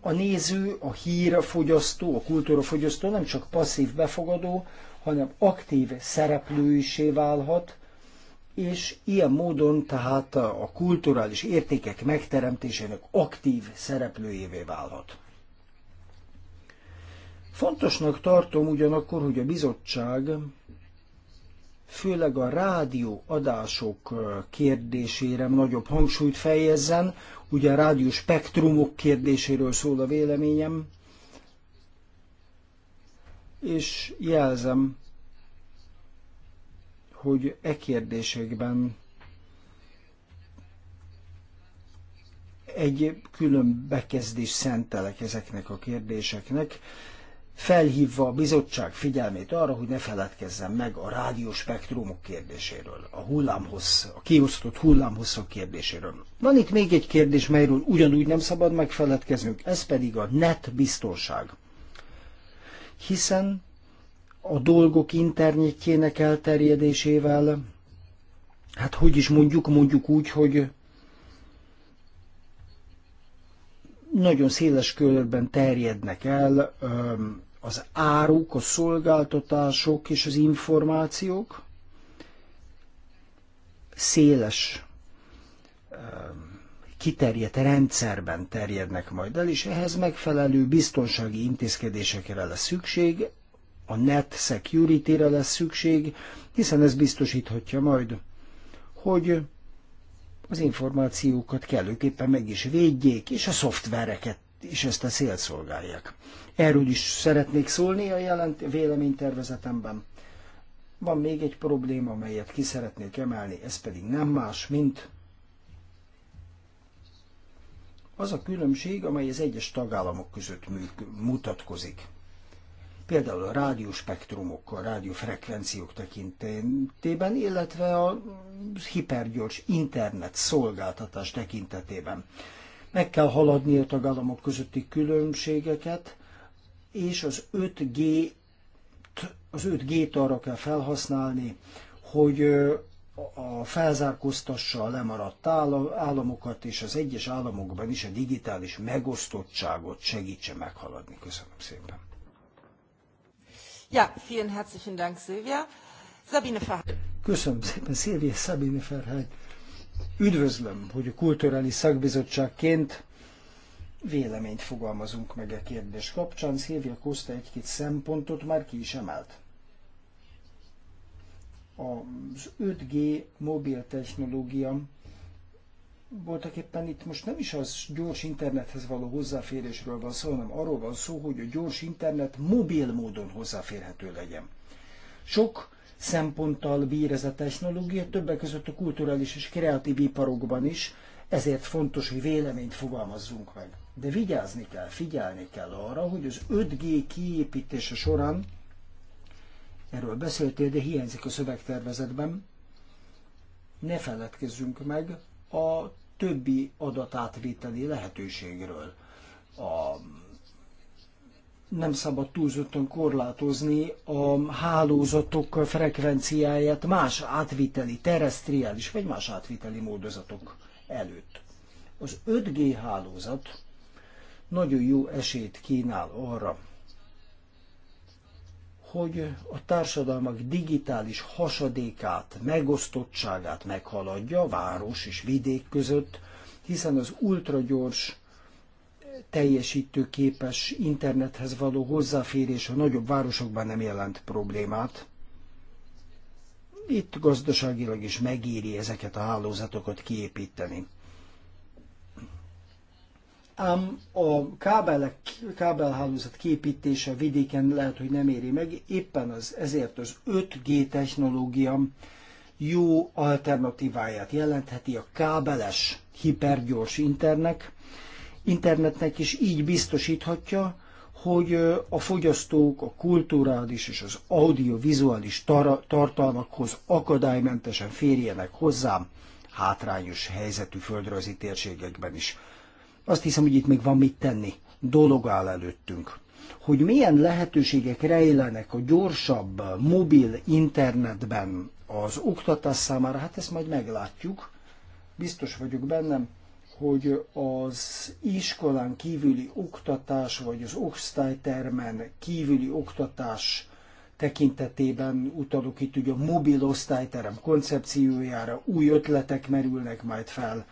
a néző, a hírfogyasztó, a kultúrafogyasztó nem csak passzív befogadó, hanem aktív isé válhat, és ilyen módon tehát a kulturális értékek megteremtésének aktív szereplőjévé válhat. Fontosnak tartom ugyanakkor, hogy a bizottság főleg a rádió adások kérdésére nagyobb hangsúlyt fejezzen, ugye a rádió spektrumok kérdéséről szól a véleményem, és jelzem, hogy e kérdésekben egy külön bekezdés szentelek ezeknek a kérdéseknek felhívva a bizottság figyelmét arra, hogy ne feledkezzen meg a rádióspektrumok kérdéséről, a hullámhossz, a kiosztott hullámhosszok kérdéséről. Van itt még egy kérdés, melyről ugyanúgy nem szabad megfeledkeznünk, ez pedig a net biztonság. Hiszen a dolgok internetjének elterjedésével, hát hogy is mondjuk, mondjuk úgy, hogy nagyon széles körben terjednek el öm, az áruk, a szolgáltatások és az információk széles kiterjedt rendszerben terjednek majd el, és ehhez megfelelő biztonsági intézkedésekre lesz szükség, a net security-re lesz szükség, hiszen ez biztosíthatja majd, hogy az információkat kellőképpen meg is védjék, és a szoftvereket és ezt a célt szolgálják. Erről is szeretnék szólni a jelent véleménytervezetemben. Van még egy probléma, amelyet ki szeretnék emelni, ez pedig nem más, mint az a különbség, amely az egyes tagállamok között mutatkozik. Például a rádióspektrumokkal, rádiófrekvenciók tekintetében, illetve a hipergyors internet szolgáltatás tekintetében. Meg kell haladni a tagállamok közötti különbségeket, és az 5G az 5G-t arra kell felhasználni, hogy a felzárkóztassa a lemaradt államokat, és az egyes államokban is a digitális megosztottságot segítse meghaladni. Köszönöm szépen. Ja, vielen herzlichen Dank, Silvia. Sabine Köszönöm szépen, Silvia Sabine Ferhely. Üdvözlöm, hogy a Kulturális Szakbizottságként véleményt fogalmazunk meg a e kérdés kapcsán. Szilvia Koszta egy-két szempontot már ki is emelt. Az 5G mobil technológia voltak éppen itt most nem is az gyors internethez való hozzáférésről van szó, hanem arról van szó, hogy a gyors internet mobil módon hozzáférhető legyen. Sok szemponttal bír ez a technológia, többek között a kulturális és kreatív iparokban is, ezért fontos, hogy véleményt fogalmazzunk meg. De vigyázni kell, figyelni kell arra, hogy az 5G kiépítése során, erről beszéltél, de hiányzik a szövegtervezetben, ne feledkezzünk meg a többi adatátvételi lehetőségről. A nem szabad túlzottan korlátozni a hálózatok frekvenciáját más átviteli, terrestriális vagy más átviteli módozatok előtt. Az 5G hálózat nagyon jó esélyt kínál arra, hogy a társadalmak digitális hasadékát, megosztottságát meghaladja város és vidék között, hiszen az ultragyors teljesítő képes internethez való hozzáférés a nagyobb városokban nem jelent problémát. Itt gazdaságilag is megéri ezeket a hálózatokat kiépíteni. Ám a kábelek, kábelhálózat képítése vidéken lehet, hogy nem éri meg, éppen az, ezért az 5G technológia jó alternatíváját jelentheti a kábeles hipergyors internet, internetnek is így biztosíthatja, hogy a fogyasztók a kulturális és az audiovizuális tar- tartalmakhoz akadálymentesen férjenek hozzá hátrányos helyzetű földrajzi térségekben is. Azt hiszem, hogy itt még van mit tenni. Dolog áll előttünk. Hogy milyen lehetőségek rejlenek a gyorsabb mobil internetben az oktatás számára, hát ezt majd meglátjuk. Biztos vagyok bennem, hogy az iskolán kívüli oktatás, vagy az osztálytermen kívüli oktatás tekintetében utalok itt ugye a mobil osztályterem koncepciójára, új ötletek merülnek majd fel.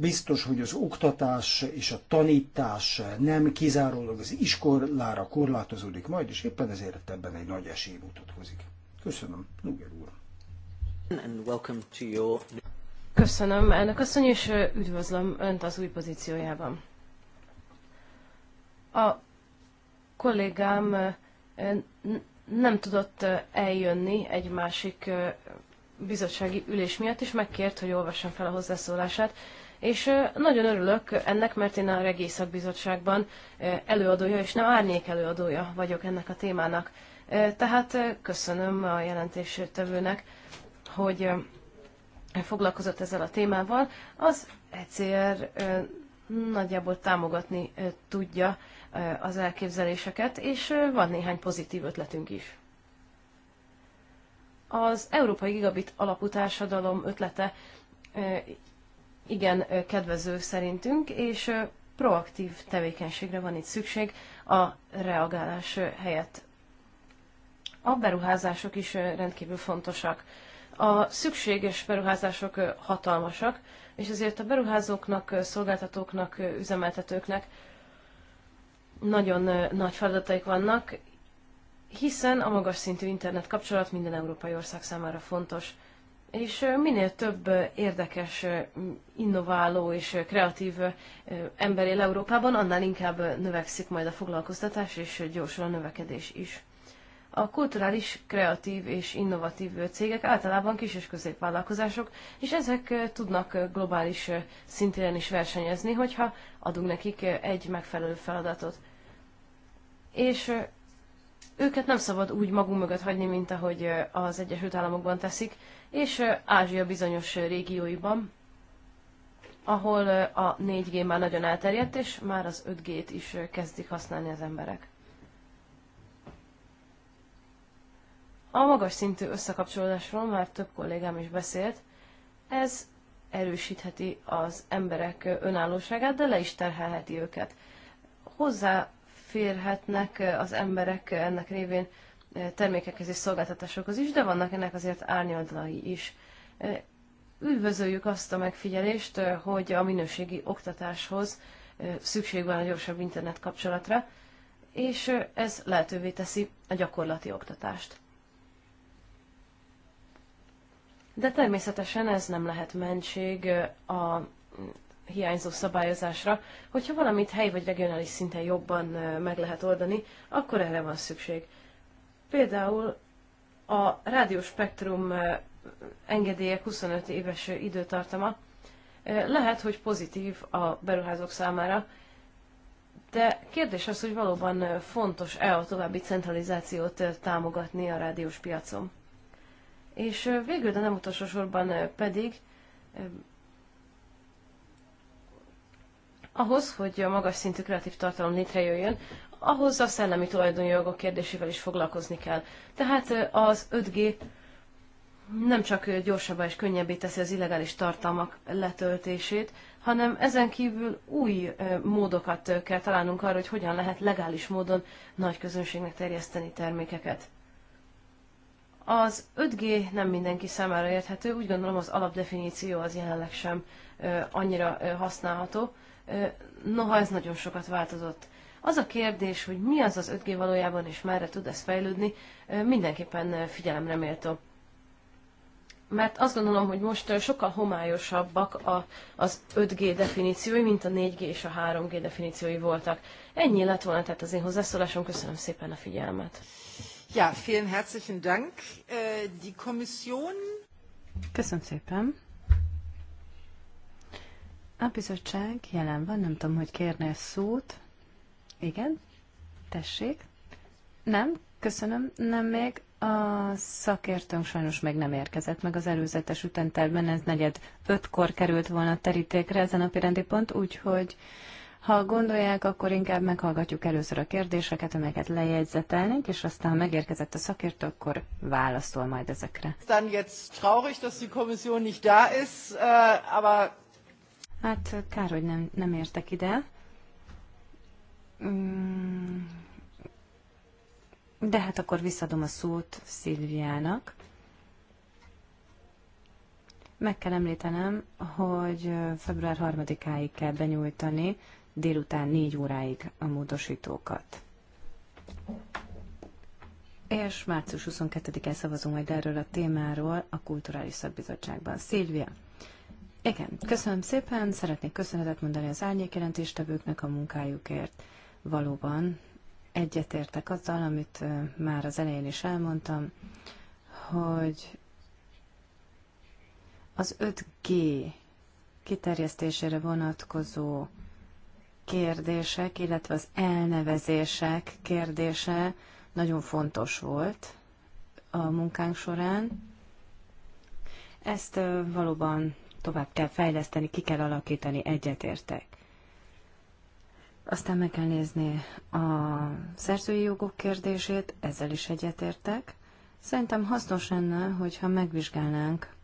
Biztos, hogy az oktatás és a tanítás nem kizárólag az iskolára korlátozódik majd, és éppen ezért ebben egy nagy esély mutatkozik. Köszönöm, Luger úr. Köszönöm, elnök asszony, és üdvözlöm Önt az új pozíciójában. A kollégám nem tudott eljönni egy másik bizottsági ülés miatt, és megkért, hogy olvassam fel a hozzászólását. És nagyon örülök ennek, mert én a Regészak Bizottságban előadója, és nem árnyék előadója vagyok ennek a témának. Tehát köszönöm a jelentéstevőnek, hogy foglalkozott ezzel a témával, az ECR nagyjából támogatni tudja az elképzeléseket, és van néhány pozitív ötletünk is. Az Európai Gigabit alapú társadalom ötlete igen kedvező szerintünk, és proaktív tevékenységre van itt szükség a reagálás helyett. A beruházások is rendkívül fontosak a szükséges beruházások hatalmasak, és ezért a beruházóknak, szolgáltatóknak, üzemeltetőknek nagyon nagy feladataik vannak, hiszen a magas szintű internet kapcsolat minden európai ország számára fontos. És minél több érdekes, innováló és kreatív ember él Európában, annál inkább növekszik majd a foglalkoztatás és gyorsul a növekedés is. A kulturális, kreatív és innovatív cégek általában kis és középvállalkozások, és ezek tudnak globális szintén is versenyezni, hogyha adunk nekik egy megfelelő feladatot. És őket nem szabad úgy magunk mögött hagyni, mint ahogy az Egyesült Államokban teszik, és Ázsia bizonyos régióiban, ahol a 4G már nagyon elterjedt, és már az 5G-t is kezdik használni az emberek. A magas szintű összekapcsolódásról már több kollégám is beszélt. Ez erősítheti az emberek önállóságát, de le is terhelheti őket. Hozzáférhetnek az emberek ennek révén termékekhez és szolgáltatásokhoz is, de vannak ennek azért árnyoldalai is. Üdvözöljük azt a megfigyelést, hogy a minőségi oktatáshoz szükség van a gyorsabb internet kapcsolatra, és ez lehetővé teszi a gyakorlati oktatást. De természetesen ez nem lehet mentség a hiányzó szabályozásra. Hogyha valamit helyi vagy regionális szinten jobban meg lehet oldani, akkor erre van szükség. Például a rádióspektrum engedélyek 25 éves időtartama lehet, hogy pozitív a beruházók számára, de kérdés az, hogy valóban fontos-e a további centralizációt támogatni a rádiós piacon. És végül, de nem utolsó sorban pedig, ahhoz, hogy a magas szintű kreatív tartalom létrejöjjön, ahhoz a szellemi tulajdonjogok kérdésével is foglalkozni kell. Tehát az 5G nem csak gyorsabbá és könnyebbé teszi az illegális tartalmak letöltését, hanem ezen kívül új módokat kell találnunk arra, hogy hogyan lehet legális módon nagy közönségnek terjeszteni termékeket. Az 5G nem mindenki számára érthető, úgy gondolom az alapdefiníció az jelenleg sem annyira használható. Noha ez nagyon sokat változott. Az a kérdés, hogy mi az az 5G valójában és merre tud ez fejlődni, mindenképpen figyelemre méltó. Mert azt gondolom, hogy most sokkal homályosabbak a, az 5G definíciói, mint a 4G és a 3G definíciói voltak. Ennyi lett volna tehát az én hozzászólásom, köszönöm szépen a figyelmet. Ja, vielen herzlichen Dank. Äh, die Kommission. Köszönöm szépen. A bizottság jelen van, nem tudom, hogy kérne szót. Igen, tessék. Nem, köszönöm, nem még. A szakértőnk sajnos még nem érkezett meg az előzetes ütentelben, ez negyed ötkor került volna a terítékre ez a napi rendi pont, úgyhogy ha gondolják, akkor inkább meghallgatjuk először a kérdéseket, amelyeket lejegyzetelnénk, és aztán megérkezett a szakértő, akkor válaszol majd ezekre. Dann jetzt traurig, dass die Kommission nicht da ist, äh, aber... Hát kár, hogy nem, nem értek ide. Mm, de hát akkor visszadom a szót Szilviának. Meg kell említenem, hogy február 3-áig kell benyújtani délután 4 óráig a módosítókat. És március 22-én szavazunk majd erről a témáról a Kulturális Szakbizottságban. Szilvia! Igen, köszönöm szépen, szeretnék köszönetet mondani az árnyékjelentéstevőknek a munkájukért. Valóban egyetértek azzal, amit már az elején is elmondtam, hogy az 5G kiterjesztésére vonatkozó kérdések, illetve az elnevezések kérdése nagyon fontos volt a munkánk során. Ezt valóban tovább kell fejleszteni, ki kell alakítani, egyetértek. Aztán meg kell nézni a szerzői jogok kérdését, ezzel is egyetértek. Szerintem hasznos lenne, hogyha megvizsgálnánk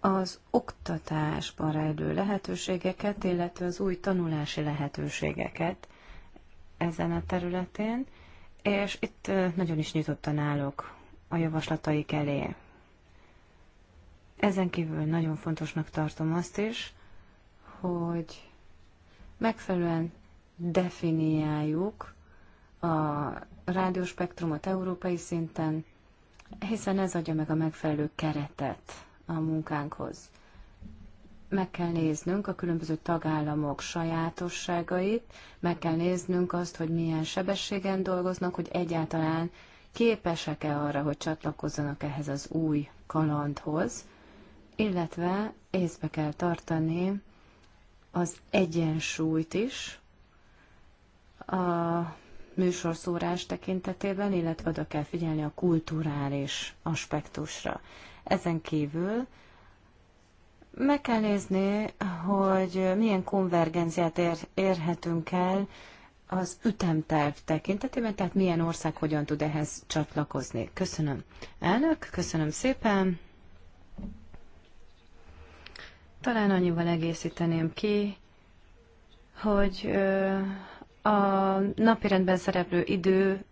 az oktatásban rejlő lehetőségeket, illetve az új tanulási lehetőségeket ezen a területén, és itt nagyon is nyitottan állok a javaslataik elé. Ezen kívül nagyon fontosnak tartom azt is, hogy megfelelően definiáljuk a rádióspektrumot európai szinten, hiszen ez adja meg a megfelelő keretet a munkánkhoz. Meg kell néznünk a különböző tagállamok sajátosságait, meg kell néznünk azt, hogy milyen sebességen dolgoznak, hogy egyáltalán képesek-e arra, hogy csatlakozzanak ehhez az új kalandhoz, illetve észbe kell tartani az egyensúlyt is a műsorszórás tekintetében, illetve oda kell figyelni a kulturális aspektusra. Ezen kívül meg kell nézni, hogy milyen konvergenciát ér, érhetünk el az ütemterv tekintetében, tehát milyen ország hogyan tud ehhez csatlakozni. Köszönöm. Elnök, köszönöm szépen. Talán annyival egészíteném ki, hogy a napirendben szereplő idő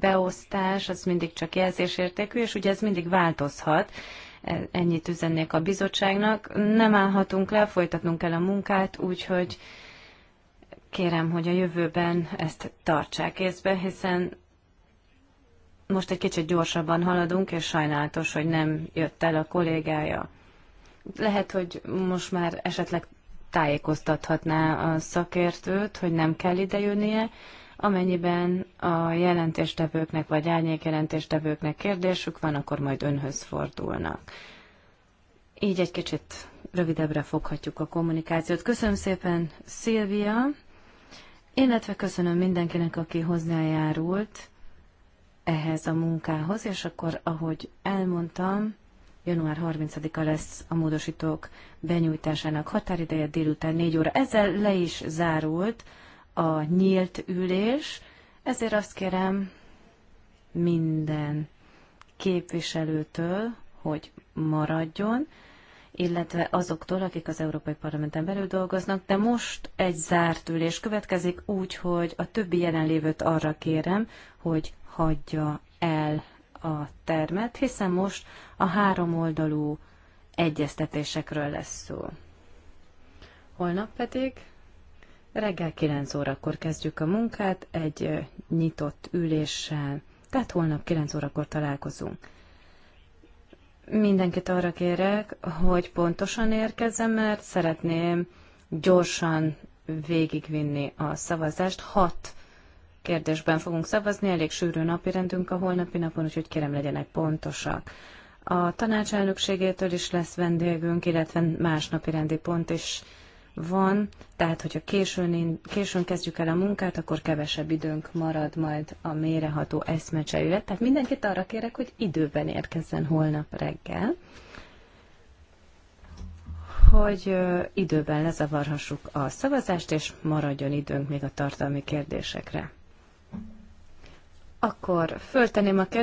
beosztás az mindig csak jelzésértékű, és ugye ez mindig változhat. E, ennyit üzennék a bizottságnak. Nem állhatunk le, folytatnunk kell a munkát, úgyhogy kérem, hogy a jövőben ezt tartsák észbe, hiszen most egy kicsit gyorsabban haladunk, és sajnálatos, hogy nem jött el a kollégája. Lehet, hogy most már esetleg tájékoztathatná a szakértőt, hogy nem kell idejönnie, amennyiben a jelentéstevőknek vagy árnyék jelentéstevőknek kérdésük van, akkor majd önhöz fordulnak. Így egy kicsit rövidebbre foghatjuk a kommunikációt. Köszönöm szépen, Szilvia, illetve köszönöm mindenkinek, aki hozzájárult ehhez a munkához, és akkor, ahogy elmondtam, január 30-a lesz a módosítók benyújtásának határideje délután 4 óra. Ezzel le is zárult a nyílt ülés. Ezért azt kérem minden képviselőtől, hogy maradjon, illetve azoktól, akik az Európai Parlamenten belül dolgoznak, de most egy zárt ülés következik, úgyhogy a többi jelenlévőt arra kérem, hogy hagyja el a termet, hiszen most a három oldalú egyeztetésekről lesz szó. Holnap pedig Reggel 9 órakor kezdjük a munkát egy nyitott üléssel, tehát holnap 9 órakor találkozunk. Mindenkit arra kérek, hogy pontosan érkezzem, mert szeretném gyorsan végigvinni a szavazást. Hat kérdésben fogunk szavazni, elég sűrű napirendünk a holnapi napon, úgyhogy kérem legyenek pontosak. A tanácselnökségétől is lesz vendégünk, illetve más napirendi pont is van, tehát hogyha későn, későn kezdjük el a munkát, akkor kevesebb időnk marad majd a méreható eszmecseire. Tehát mindenkit arra kérek, hogy időben érkezzen holnap reggel, hogy időben lezavarhassuk a szavazást, és maradjon időnk még a tartalmi kérdésekre. Akkor fölteném a kérdést.